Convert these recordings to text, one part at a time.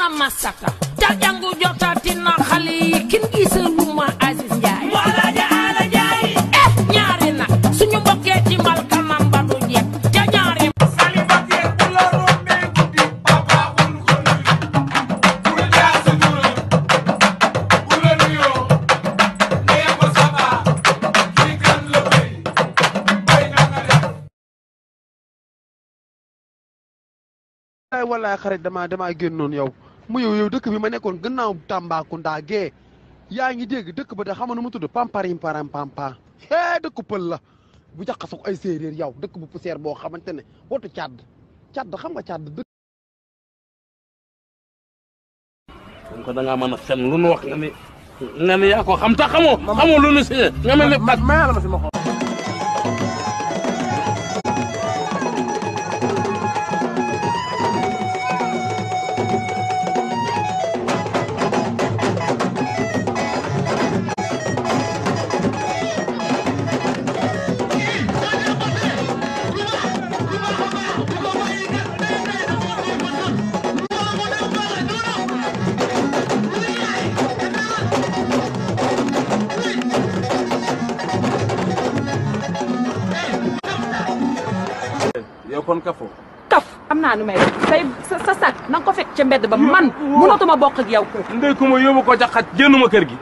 na masaka wallaay xarit dama dama génnoon yow mu yow dëkk bi ma nekkoon gannaaw Tambacounda gee yaa ngi dégg dëkk ba de xam na mu tudd pamparim param pampa hee dëkk pël la bu jaxasoo ay séeréer yow dëkk bu poussière boo xamante ne wotu càdd càdd xam nga càdd dëkk kon ko mën a nga ni yaa ko xam ta xamoo xamoo lu nu si nga mel ni ma ma fi ma xool kon kaf am naa nu may def tey sa sa sac na nga ko fekk ca ba man mënatuma bokk ak yow. ndey ku ma yóbbu ko jaxat génnuma kër gi.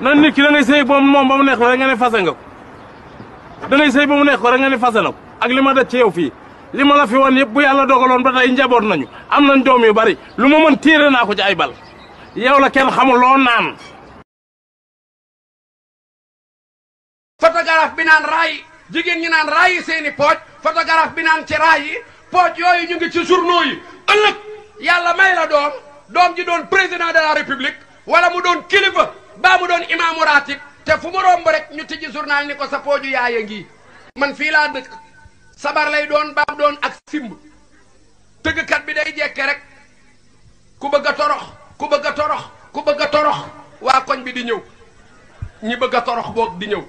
nan nit ki da ngay sëy moom moom ba mu neex ko rek nga ne fase nga ko. da ngay sëy ba mu neex ko rek nga ne fase na ko ak li ma daj ci yow fii li ma la fi wan yëpp bu yàlla dogaloon ba tey njaboot nañu am nañ doom yu bari lu ma mën tiire naa ko ci bal yow la kenn xamul loo naan. jigéen ñi naan raay seeni pooj photographe bi naan ci raay yi pooj yooyu ñu ngi ci journaux yi ëllëg yàlla may la doom doom ji doon président de la république wala mu doon kilifa baa mu doon imaamu ratib te fu mu romb rek ñu tijji journal ni ko sa pooju yaaya ngi man fii laa dëkk sabar lay doon baab doon ak simb tëggkat bi day jekke rek ku torox ku bëgg a torox ku bëgg a torox waa koñ bi di ñëw ñi bëgg a torox boog di ñëw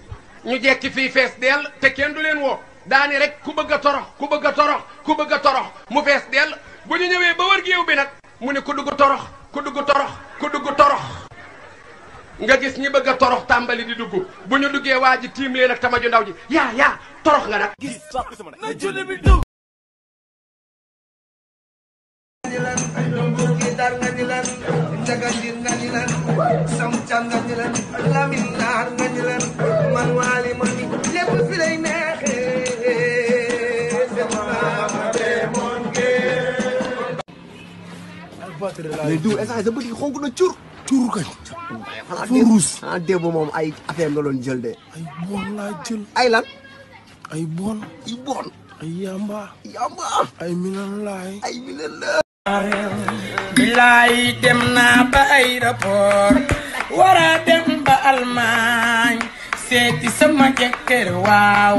ñu jekki fii fees dell te kenn du leen woo daani rek ku bëgg a torox ku bëgg a torox ku bëgg a torox mu fees dell bu ñu ñëwee ba wër géew bi nag mu ne ku dugg torox ku dugg torox ku dugg torox nga gis ñi bëgg a torox tàmbali di dugg bu ñu duggee waa ji tiim leen ak tama ju ndaw ji yaa yaa torox nga nag gis na julli bi dugg sam cam nga jëlan lamin naar nga jëlan man waali ma ni lépp fi lay neexee mais diw essence sa bët yi xonk na cur cur kañ foo ruus xanaa démb moom ay affaire nga doon jël de ay bon laa jël ay lan ay bon ay bon ay yamba yamba ay billaay dem na ba aéroport wara dem ba Allemagne seeti sama jëkkër waaw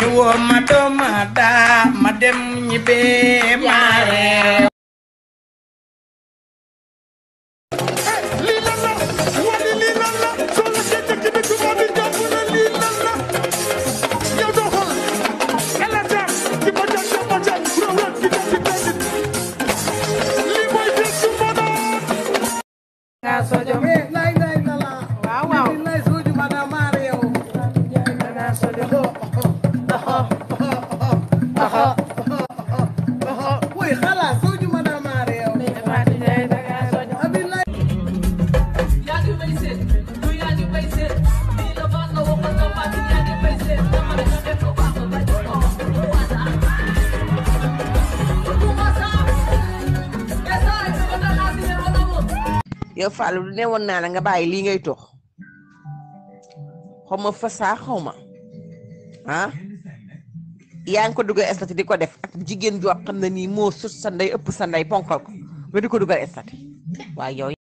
ñu ma dooma daa ma dem ñibbee ma reew sodium eh, lay lay lala waaw waaw lay suju bada mario dana sodium aha aha aha woy xalaas suju bada mario abilay yaa ngi bay seet yaa ngi bay seet yow Fallou du ne woon naa la nga bàyyi lii ngay tox xaw ma fasaa xaw ma ah yaa ngi ko dugal estati di ko def ak jigéen joo xam ne nii moo sut sa ndey ëpp sa ndey ponkal ko nga di ko dugal estati waaye yow